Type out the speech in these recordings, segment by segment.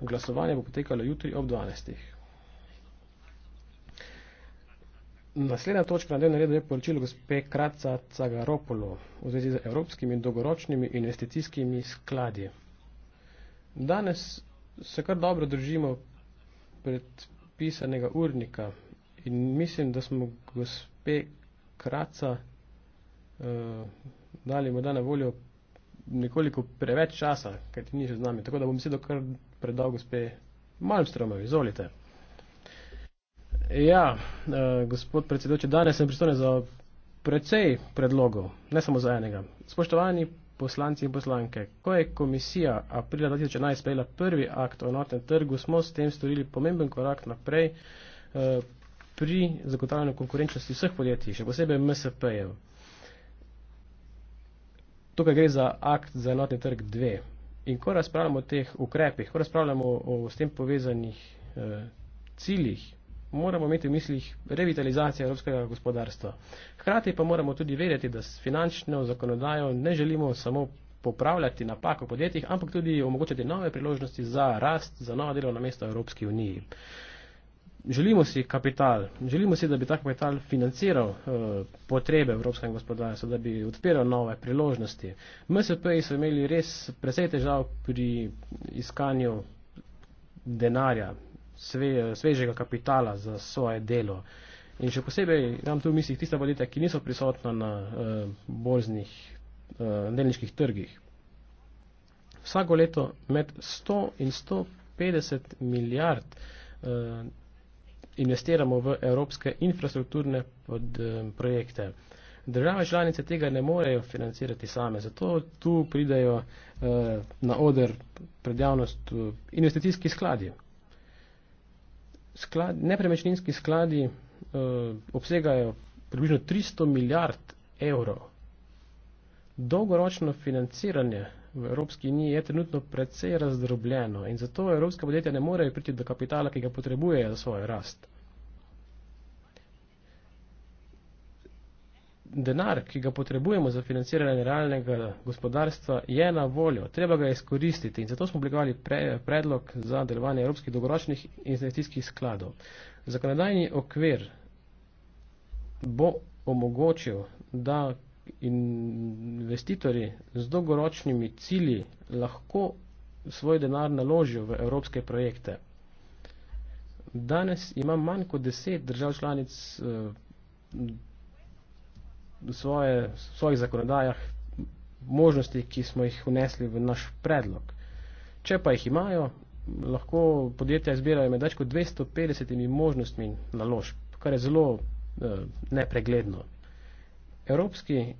Glasovanje bo potekalo jutri ob 12. Naslednja točka na dnevnem redu je poročilo gospe Kratca Cagaropolo v zvezi z evropskimi dolgoročnimi investicijskimi skladi. Danes se kar dobro držimo predpisanega urnika in mislim, da smo gospe Kratca uh, dali morda na voljo nekoliko preveč časa, ker ti niš z nami, tako da bom sedel kar predal gospe Malmstromovi. Izvolite. Ja, eh, gospod predsedoče, danes sem pristojen za precej predlogov, ne samo za enega. Spoštovani poslanci in poslanke, ko je komisija aprila 2011 sprejela prvi akt o notnem trgu, smo s tem storili pomemben korak naprej eh, pri zagotavljanju konkurenčnosti vseh podjetij, še posebej MSP-jev. Tukaj gre za akt za enotni trg 2. In ko razpravljamo o teh ukrepih, ko razpravljamo o s tem povezanih eh, ciljih, moramo imeti v mislih revitalizacijo evropskega gospodarstva. Hkrati pa moramo tudi vedeti, da s finančno zakonodajo ne želimo samo popravljati napako v podjetjih, ampak tudi omogočati nove priložnosti za rast, za nova delovna mesta v Evropski uniji. Eh, Želimo si kapital, želimo si, da bi ta kapital financiral eh, potrebe evropskega gospodarstva, da bi odpiral nove priložnosti. MSP-ji so imeli res presej težav pri iskanju denarja, svežega kapitala za svoje delo. In še posebej imam tu v mislih tista podjetja, ki niso prisotna na eh, borznih eh, delničkih trgih. Vsako leto med 100 in 150 milijard investiramo v evropske infrastrukturne pod, um, projekte. Države članice tega ne morejo financirati same, zato tu pridajo uh, eh, na oder pred javnost eh, investicijski skladi. Sklad, nepremečninski skladi uh, obsegajo približno 300 milijard evrov. Dolgoročno financiranje uh, v Evropski uniji je trenutno predvsej razdrobljeno in zato evropska podjetja ne morejo priti do kapitala, ki ga potrebujejo za svojo rast. Denar, ki ga potrebujemo za financiranje realnega gospodarstva, je na voljo. Treba ga izkoristiti in zato smo oblikovali pre, predlog za delovanje evropskih dolgoročnih investicijskih skladov. Zakonodajni okvir bo omogočil, da investitorji z dolgoročnimi cilji lahko svoj denar naložijo v evropske projekte. Danes ima manj kot deset držav članic eh, v svoje, svojih zakonodajah možnosti, ki smo jih unesli v naš predlog. Če pa jih imajo, lahko podjetja izbirajo med več kot 250 možnostmi naložb, kar je zelo eh, nepregledno. Evropski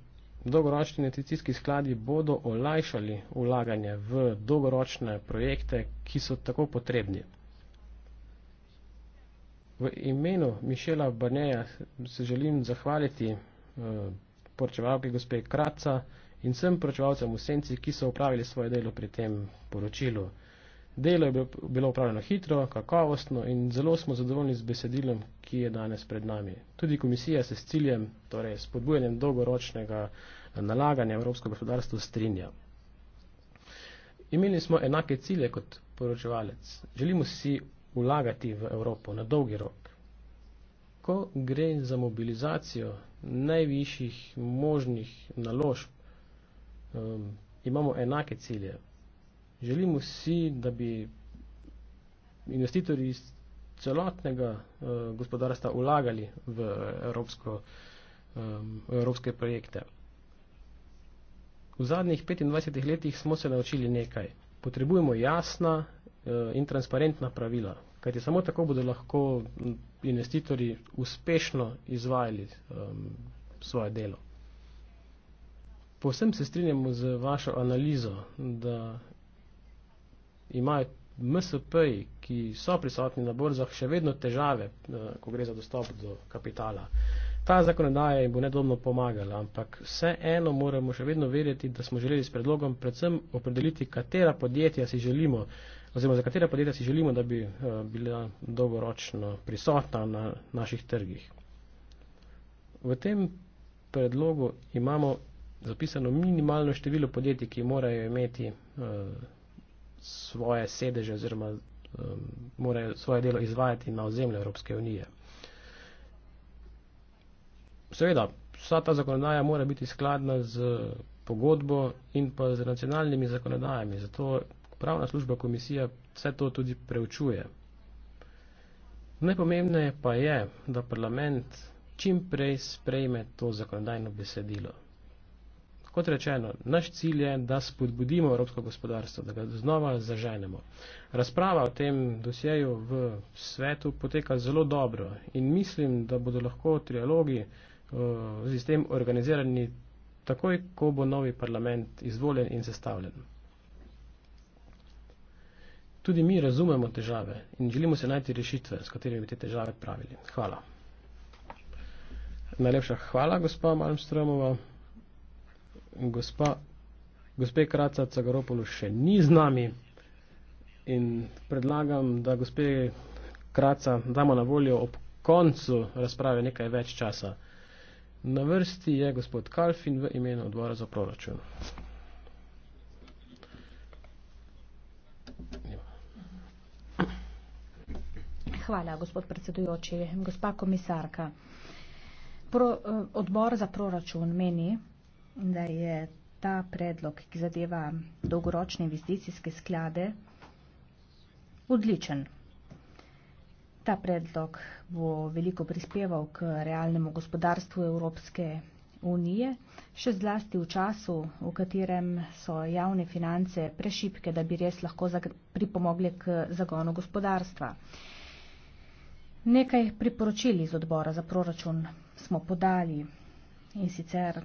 dolgoročni investicijski skladi bodo olajšali ulaganje v dolgoročne projekte, ki so tako potrebni. V imenu Mišela Barneja se želim zahvaliti eh, poročevalki gospe Kraca in vsem poročevalcem v Senci, ki so upravili svoje delo pri tem poročilu. Delo je bilo upravljeno hitro, kakovostno in zelo smo zadovoljni z besedilom, ki je danes pred nami. Tudi komisija se s ciljem, torej s podbujanjem dolgoročnega eh, nalaganja Evropsko gospodarstvo strinja. Imeli smo enake cilje kot poročevalec. Želimo si ulagati v Evropo na dolgi rok. Ko gre za mobilizacijo najvišjih možnih naložb, eh, imamo enake cilje želimo si, da bi investitorji iz celotnega uh, gospodarstva ulagali v evropsko, um, evropske projekte. V zadnjih 25 letih smo se naučili nekaj. Potrebujemo jasna uh, in transparentna pravila, kajti samo tako bodo lahko investitorji uspešno izvajali um, svoje delo. Povsem se strinjamo z vašo analizo, da imajo MSP-ji, ki so prisotni na borzah, še vedno težave, eh, ko gre za dostop do kapitala. Ta zakonodaja jim bo nedobno pomagala, ampak vseeno moramo še vedno vedeti, da smo želeli s predlogom predvsem opredeliti, katera podjetja si želimo, oziroma za katera podjetja si želimo, da bi eh, bila dolgoročno prisotna na naših trgih. V tem predlogu imamo zapisano minimalno število podjetij, ki morajo imeti. Uh, svoje sedeže oziroma um, morajo svoje delo izvajati na ozemlju Evropske unije. Seveda, vsa ta zakonodaja mora biti skladna z pogodbo in pa z nacionalnimi zakonodajami, zato pravna služba komisija vse to tudi preučuje. Najpomembneje pa je, da parlament čim prej sprejme to zakonodajno besedilo. Kot rečeno, naš cilj je, da spodbudimo evropsko gospodarstvo, da ga znova zaženemo. Razprava o tem dosjeju v svetu poteka zelo dobro in mislim, da bodo lahko trialogi z eh, tem organizirani takoj, ko bo novi parlament izvoljen in sestavljen. Tudi mi razumemo težave in želimo se najti rešitve, s katerimi bi te težave pravili. Hvala. Najlepša hvala, gospod Malmstromova gospa, gospe Kraca Cagaropolu še ni z nami in predlagam, da gospe Kraca damo na voljo ob koncu razprave nekaj več časa. Na vrsti je gospod Kalfin v imenu odbora za proračun. Hvala, gospod predsedujoči, gospa komisarka. Pro, eh, odbor za proračun meni, da je ta predlog, ki zadeva dolgoročne investicijske sklade, odličen. Ta predlog bo veliko prispeval k realnemu gospodarstvu Evropske unije, še zlasti v času, v katerem so javne finance prešipke, da bi res lahko pripomogli k zagonu gospodarstva. Nekaj priporočili iz odbora za proračun smo podali in sicer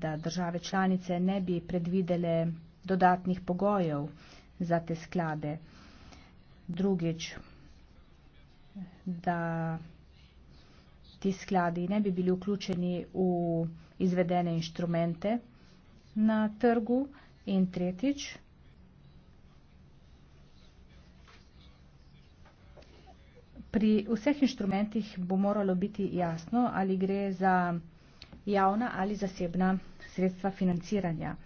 da države članice ne bi predvidele dodatnih pogojev za te sklade. Drugič, da ti skladi ne bi bili vključeni v izvedene inštrumente na trgu. In tretjič, pri vseh inštrumentih bo moralo biti jasno, ali gre za inštrumente, javna ali zasebna sredstva financiranja.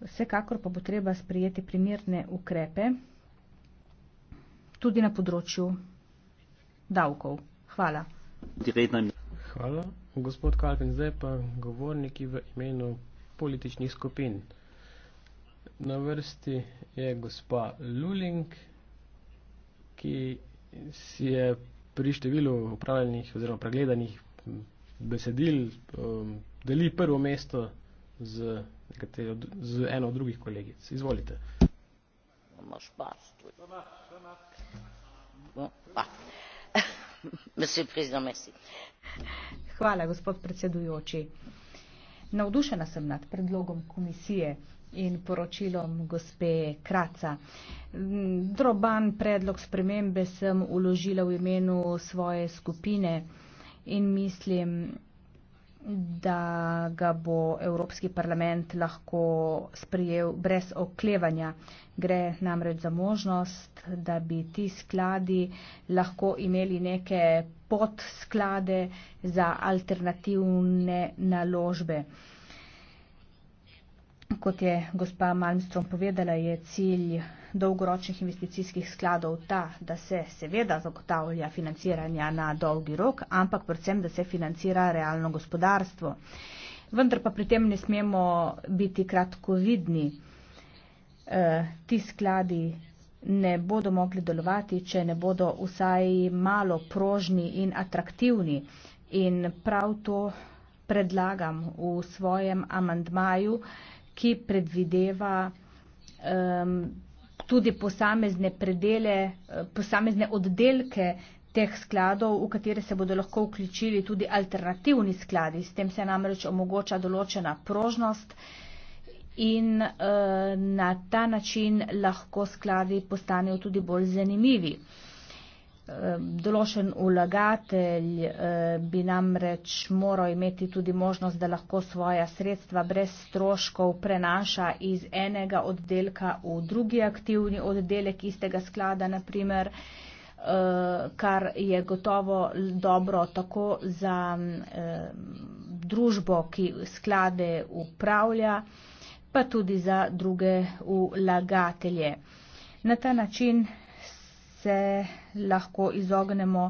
Vsekakor pa bo treba sprejeti primerne ukrepe tudi na področju davkov. Hvala. Hvala, gospod Kalpin. Zdaj pa govorniki v imenu političnih skupin. Na vrsti je gospa Luling, ki si je pri številu upravljenih oziroma pregledanih besedil, um, deli prvo mesto z, nekatero, z eno od drugih kolegic. Izvolite. Imaš par stvari. No, pa. Mesi, prizna, mesi. Hvala, gospod predsedujoči. Navdušena sem nad predlogom komisije in poročilom gospe Kraca. Mm, Droban predlog spremembe sem uložila v imenu svoje skupine in mislim, da ga bo Evropski parlament lahko sprejel brez oklevanja. Gre namreč za možnost, da bi ti skladi lahko imeli neke podsklade za alternativne naložbe. Kot je gospa Malmström povedala, je cilj dolgoročnih investicijskih skladov ta, da se seveda zagotavlja financiranja na dolgi rok, ampak predvsem, da se financira realno gospodarstvo. Vendar pa pri tem ne smemo biti kratkovidni. E, ti skladi ne bodo mogli delovati, če ne bodo vsaj malo prožni in atraktivni. In prav to predlagam v svojem amandmaju, ki predvideva um, tudi posamezne predele, eh, posamezne oddelke teh skladov, v katere se bodo lahko vključili tudi alternativni skladi. S tem se namreč omogoča določena prožnost in uh, na ta način lahko skladi postanejo tudi bolj zanimivi. Uh, Določen vlagatelj eh, bi namreč moral imeti tudi možnost, da lahko svoja sredstva brez stroškov prenaša iz enega oddelka v drugi aktivni oddelek istega sklada, naprimer, eh, kar je gotovo dobro tako za eh, družbo, ki sklade upravlja, pa tudi za druge vlagatelje. Na ta način se lahko izognemo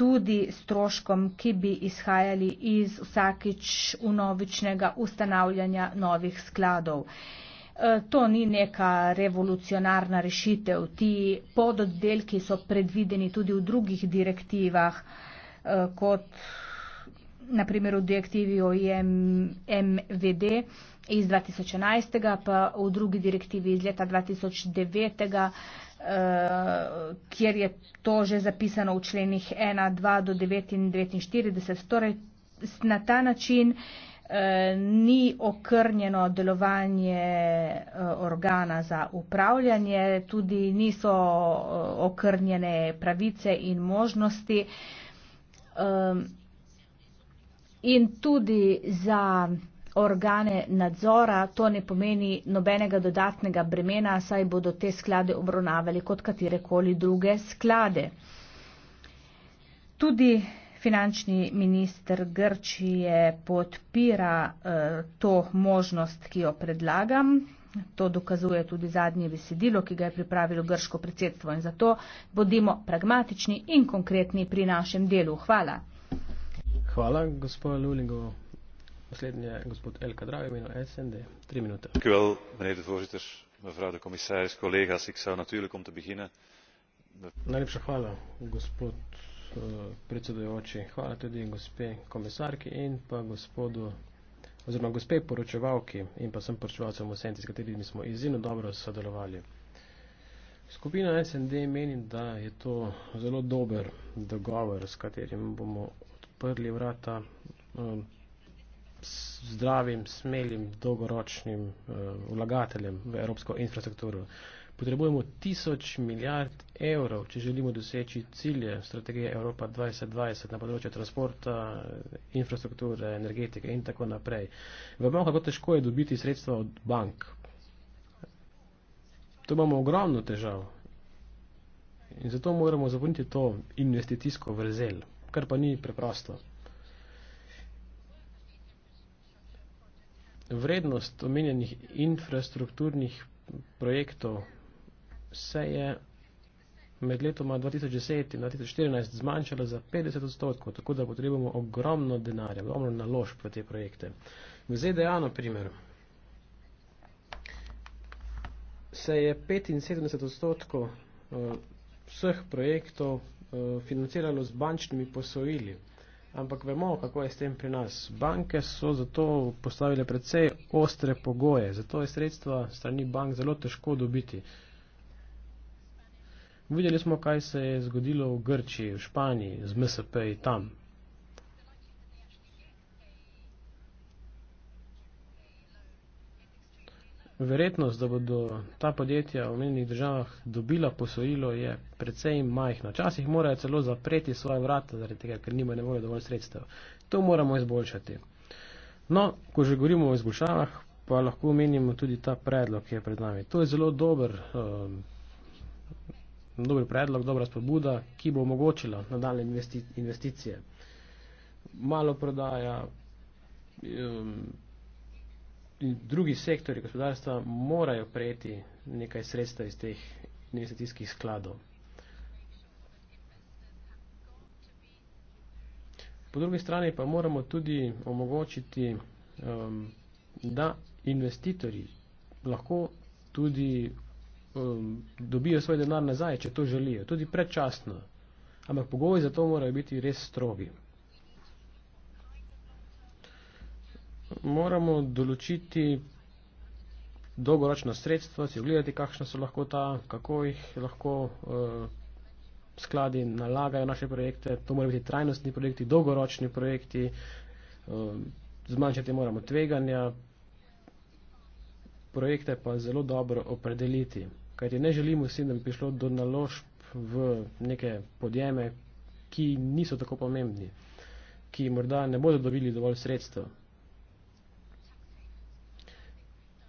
tudi stroškom, ki bi izhajali iz vsakič unovičnega ustanavljanja novih skladov. E, to ni neka revolucionarna rešitev. Ti pododdelki so predvideni tudi v drugih direktivah, e, kot naprimer v direktivi o MVD iz 2011, pa v drugi direktivi iz leta 2009. Eh, kjer je to že zapisano v členih 1, 2 do 9 in 49. Torej, na ta način eh, ni okrnjeno delovanje eh, organa za upravljanje, tudi niso okrnjene pravice in možnosti. In tudi za organe nadzora, to ne pomeni nobenega dodatnega bremena, saj bodo te sklade obravnavali kot katerekoli druge sklade. Tudi finančni minister Grčije podpira eh, to možnost, ki jo predlagam. To dokazuje tudi zadnje besedilo, ki ga je pripravilo grško predsedstvo. In zato bodimo pragmatični in konkretni pri našem delu. Hvala. Hvala, gospod Luligo mijnheer de voorzitter mevrouw de commissaris collega's ik zou natuurlijk om te beginnen. najlepša hvala gospod eh, predsedujoči hvala tudi gospe komisarki in pa gospodu oziroma gospe poročevalki in pa sem poročevalcem v senci s katerimi smo izjemno dobro sodelovali. Skupina SND meni, da je to zelo dober dogovor, s katerim bomo odprli vrata eh, zdravim, smelim, dolgoročnim uh, vlagateljem v evropsko infrastrukturo. Potrebujemo tisoč milijard evrov, če želimo doseči cilje strategije Evropa 2020 na področju transporta, infrastrukture, energetike in tako naprej. Vemo, kako težko je dobiti sredstva od bank. To imamo ogromno težav. In zato moramo zapolniti to investicijsko vrzel, kar pa ni preprosto. vrednost omenjenih infrastrukturnih projektov se je med letoma 2010 in 2014 zmanjšala za 50 odstotkov, tako da potrebujemo ogromno denarja, ogromno naložb v te projekte. V ZDA, na primer, se je 75 odstotkov eh, vseh projektov eh, financiralo z bančnimi posojili ampak vemo, kako je s tem pri nas. Banke so zato postavile predvsej ostre pogoje, zato je sredstva strani bank zelo težko dobiti. Videli smo, kaj se je zgodilo v Grčiji, v Španiji, z MSP-ji tam. Verjetnost, da bodo ta podjetja v omenjenih državah dobila posojilo, je precej majhna. Včasih morajo celo zapreti svoje vrata, zaradi tega, ker nima ne bojo dovolj sredstev. To moramo izboljšati. No, ko že govorimo o izboljšavah, pa lahko omenimo tudi ta predlog, ki je pred nami. To je zelo dober, um, dober predlog, dobra spodbuda, ki bo omogočila nadaljne investicije. Malo prodaja. Um, drugi sektori gospodarstva morajo prejeti nekaj sredstev iz teh investicijskih skladov. Po drugi strani pa moramo tudi omogočiti, um, da investitorji lahko tudi um, dobijo svoj denar nazaj, če to želijo, tudi predčasno. Ampak pogoji za to morajo biti res strogi. moramo določiti dolgoročna sredstva, si ogledati, kakšna so lahko ta, kako jih lahko uh, skladi nalagajo naše projekte. To morajo biti trajnostni projekti, dolgoročni projekti, uh, zmanjšati moramo tveganja, projekte pa zelo dobro opredeliti. Kajti ne želimo si, da bi prišlo do naložb v neke podjeme, ki niso tako pomembni, ki morda ne bodo dobili dovolj sredstva.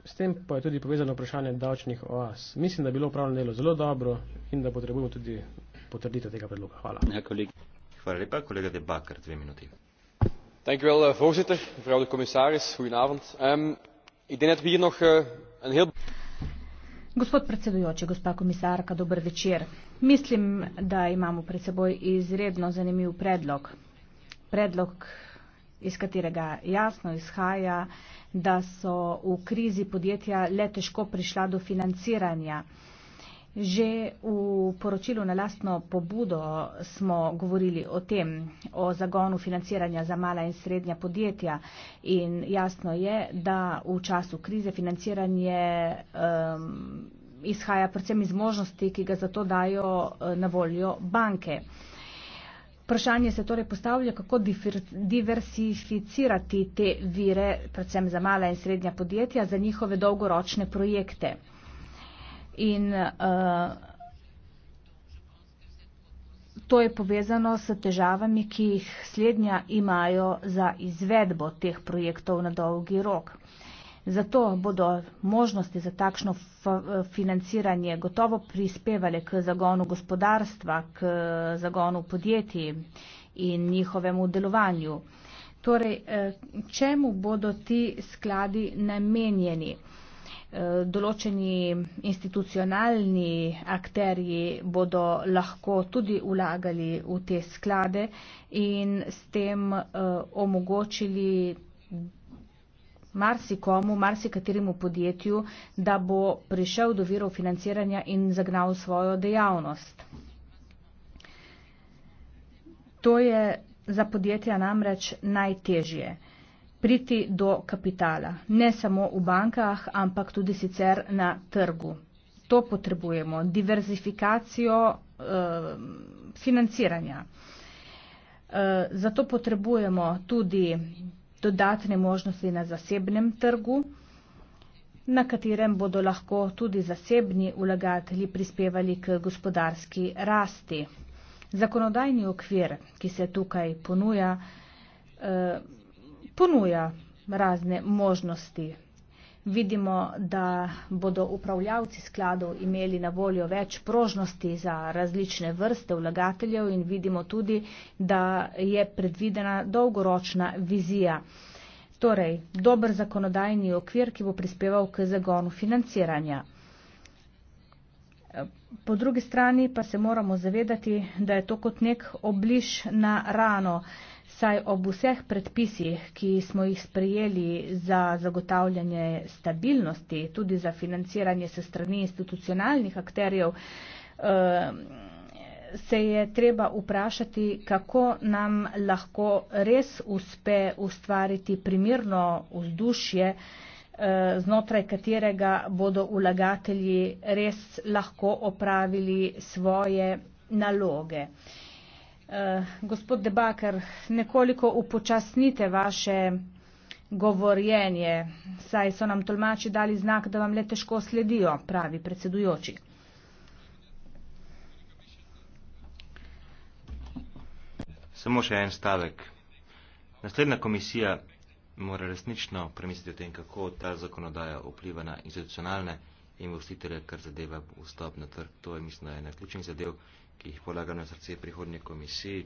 S tem pa je tudi povezano vprašanje davčnih oaz. Mislim, da je bilo upravljeno delo zelo dobro in da potrebujemo tudi potrditev tega predloga. Hvala. Ja, Hvala lepa, kolega Debakar, dve minuti. Dank u wel, eh, voorzitter, mevrouw de commissaris, goedenavond. Um, ik denk dat we hier nog uh, een heel. Gospod predsedujoči, gospa komisarka, dober večer. Mislim, da imamo pred seboj izredno zanimiv predlog. Predlog, iz katerega jasno izhaja, da so v krizi podjetja le težko prišla do financiranja. Že v poročilu na lastno pobudo smo govorili o tem, o zagonu financiranja za mala in srednja podjetja in jasno je, da v času krize financiranje um, izhaja predvsem iz možnosti, ki ga zato dajo uh, na voljo banke. Uh, Vprašanje se torej postavlja, kako diversificirati te vire, predvsem za mala in srednja podjetja, za njihove dolgoročne projekte. In uh, to je povezano s težavami, ki jih slednja imajo za izvedbo teh projektov na dolgi rok. Zato bodo možnosti za takšno eh, financiranje gotovo prispevali k zagonu gospodarstva, k eh, zagonu podjetij in njihovemu delovanju. Torej, eh, čemu bodo ti skladi namenjeni? Določeni institucionalni akterji bodo lahko tudi vlagali v te sklade in s tem omogočili marsikomu, marsikateremu podjetju, da bo prišel do virov financiranja in zagnal svojo dejavnost. To je za podjetja namreč najtežje priti do kapitala, ne samo v bankah, ampak tudi sicer na trgu. To potrebujemo, diverzifikacijo eh, financiranja. Eh, zato potrebujemo tudi dodatne možnosti na zasebnem trgu, na katerem bodo lahko tudi zasebni vlagatelji prispevali k gospodarski rasti. Zakonodajni okvir, ki se tukaj ponuja, eh, ponuja razne možnosti vidimo, da bodo upravljavci skladov imeli na voljo več prožnosti za različne vrste vlagateljev in vidimo tudi, da je predvidena dolgoročna vizija. Torej, dober zakonodajni okvir, ki bo prispeval k zagonu financiranja. Po drugi strani pa se moramo zavedati, da je to kot nek obliž na rano saj ob vseh predpisih, ki smo jih sprejeli za zagotavljanje stabilnosti, tudi za financiranje se strani institucionalnih akterjev, ehm, se je treba vprašati, kako nam lahko res uspe ustvariti primirno vzdušje, eh, znotraj katerega bodo vlagatelji res lahko opravili svoje naloge. Eh, gospod Debaker, nekoliko upočasnite vaše govorjenje, saj so nam tolmači dali znak, da vam le težko sledijo, pravi predsedujoči. Samo še en stavek. Naslednja komisija mora resnično premisliti o tem, kako ta zakonodaja vpliva na institucionalne investitorje, kar zadeva vstop na trg. To je, mislim, ena ključnih zadev, ki jih polagajo na srce prihodnje komisiji.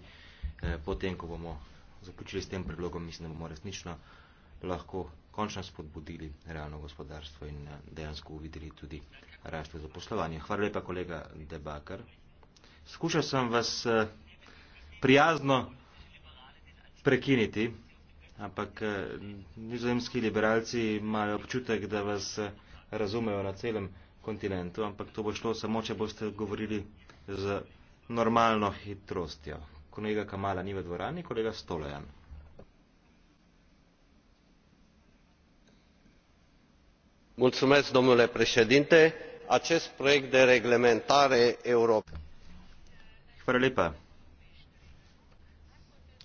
Eh, potem, ko bomo zaključili s tem predlogom, mislim, da bomo resnično lahko končno spodbudili realno gospodarstvo in eh, dejansko uvideli tudi rast za poslovanje. Hvala lepa, kolega Debakar. Skušal sem vas eh, prijazno prekiniti, ampak nizozemski liberalci imajo občutek, da vas razumejo na celem kontinentu, ampak to bo šlo samo, če boste govorili z normalno hitrostjo. Kolega Kamala ni v dvorani, kolega Stolojan. Mulțumesc, domnule președinte. Acest proiect de reglementare Europa. Hvala lepa,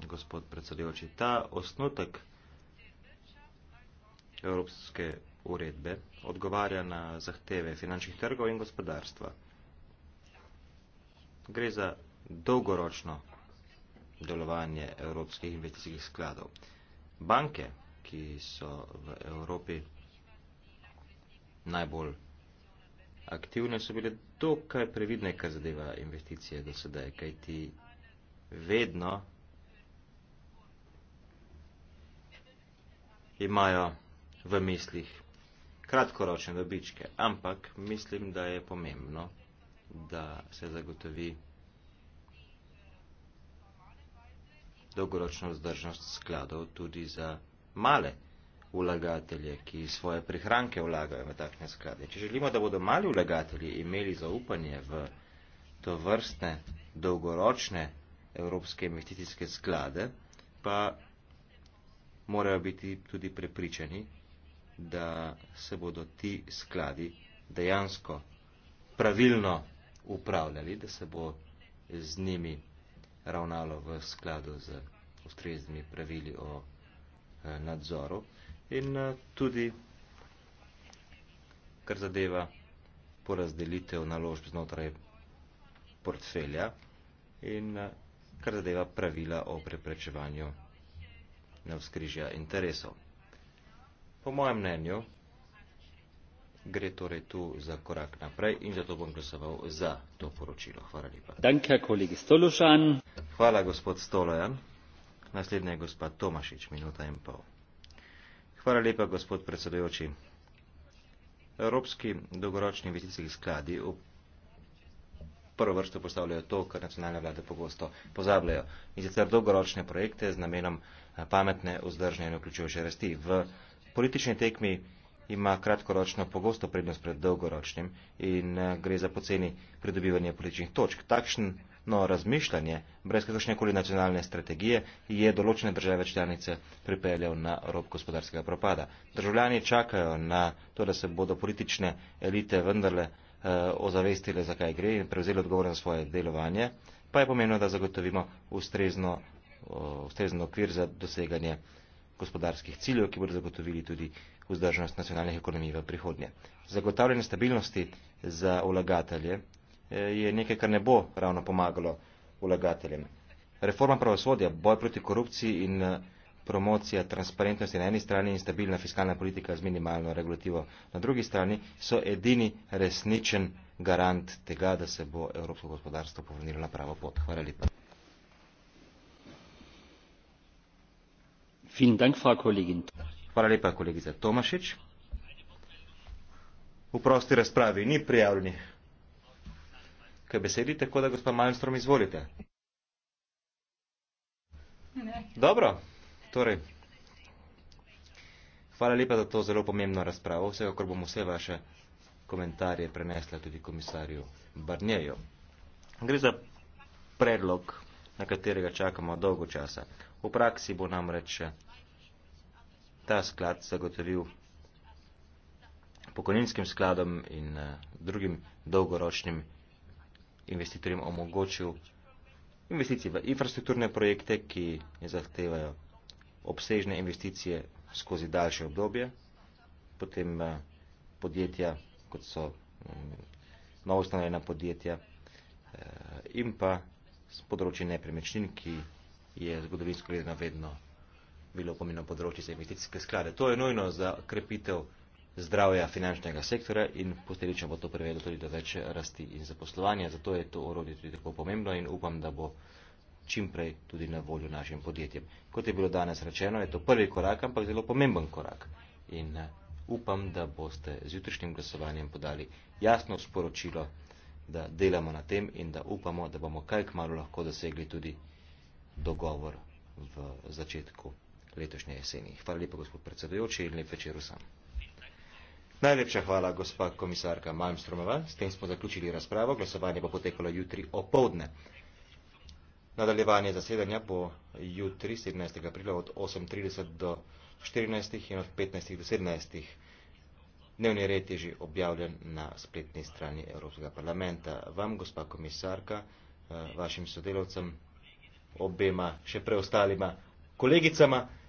gospod predsedujoči. Ta osnutek Evropske uredbe odgovarja na zahteve finančnih trgov in gospodarstva gre za dolgoročno delovanje evropskih investicijskih skladov. Banke, ki so v Evropi najbolj aktivne, so bile dokaj previdne, kar zadeva investicije do sedaj, kaj ti vedno imajo v mislih kratkoročne dobičke, ampak mislim, da je pomembno da se zagotovi dolgoročno vzdržnost skladov tudi za male vlagatelje, ki svoje prihranke vlagajo v takšne sklade. Če želimo, da bodo mali vlagatelji imeli zaupanje v to vrstne dolgoročne evropske investicijske sklade, pa morajo biti tudi prepričani, da se bodo ti skladi dejansko pravilno upravljali, da se bo z njimi ravnalo v skladu z ustreznimi pravili o eh, nadzoru in eh, tudi, kar zadeva porazdelitev naložb znotraj portfelja in eh, kar zadeva pravila o preprečevanju navskrižja interesov. Po mojem mnenju, Gre torej tu za korak naprej in zato bom glasoval za to poročilo. Hvala lepa. Hvala, gospod Stolojan. Naslednja je gospod Tomašič, minuta in pol. Hvala lepa, gospod predsedujoči. Evropski dolgoročni investicijski skladi v prvo vrsto postavljajo to, kar nacionalne vlade pogosto pozabljajo. In sicer dolgoročne projekte z namenom eh, pametne, vzdržne in vključujoče rasti. V politični tekmi ima kratkoročno pogosto prednost pred dolgoročnim in eh, gre za poceni pridobivanje političnih točk. Takšno razmišljanje, brez kakršnekoli nacionalne strategije, je določene države članice pripeljal na rob gospodarskega propada. Državljani čakajo na to, da se bodo politične elite vendarle eh, ozavestile, zakaj gre in prevzeli odgovor na svoje delovanje, pa je pomembno, da zagotovimo ustrezno, eh, ustrezno okvir za doseganje gospodarskih ciljev, ki bodo zagotovili tudi vzdržnost nacionalnih ekonomij v prihodnje. Zagotavljanje stabilnosti za vlagatelje eh, je nekaj, kar ne bo ravno pomagalo vlagateljem. Reforma pravosodja, boj proti korupciji in eh, promocija transparentnosti na eni strani in stabilna fiskalna politika z minimalno regulativo na drugi strani so edini resničen garant tega, da se bo evropsko gospodarstvo povrnilo na pravo pot. Hvala lepa. Vielen Dank, Frau Kollegin. Hvala lepa, kolegica Tomašič. V prosti razpravi ni prijavljenih k besedi, tako da gospod Malmstrom izvolite. Ne. Dobro, torej. Hvala lepa za to zelo pomembno razpravo. Vsekakor bom vse vaše komentarje prenesla tudi komisarju Barnjeju. Gre za predlog, na katerega čakamo dolgo časa. V praksi bo namreč ta sklad zagotovil pokojninskim skladom in eh, drugim dolgoročnim investitorjem omogočil investicije v infrastrukturne projekte, ki zahtevajo obsežne investicije skozi daljše obdobje, potem eh, podjetja, kot so mm, novo ustanovljena podjetja eh, in pa področje nepremečnin, ki je zgodovinsko gledano vedno bilo pomembno področje za investicijske sklade. To je nujno za krepitev zdravja finančnega sektora in posledično bo to privedlo tudi do več rasti in zaposlovanja. Zato je to orodje tudi tako pomembno in upam, da bo čim prej tudi na voljo našim podjetjem. Kot je bilo danes rečeno, je to prvi korak, ampak zelo pomemben korak. In eh, upam, da boste z jutrišnjim glasovanjem podali jasno sporočilo, da delamo na tem in da upamo, da bomo kaj kmalo lahko dosegli tudi dogovor v začetku letošnje jeseni. Hvala lepa, gospod predsedujoči, in lep večer vsem. Najlepša hvala, gospa komisarka Malmstromova. S tem smo zaključili razpravo. Glasovanje bo potekalo jutri opovdne. Nadaljevanje zasedanja bo jutri 17. aprila od 8.30 do 14. in od 15. do 17. Dnevni red je že objavljen na spletni strani Evropskega parlamenta. Vam, gospa komisarka, eh, vašim sodelovcem, obema še preostalima kolegicama.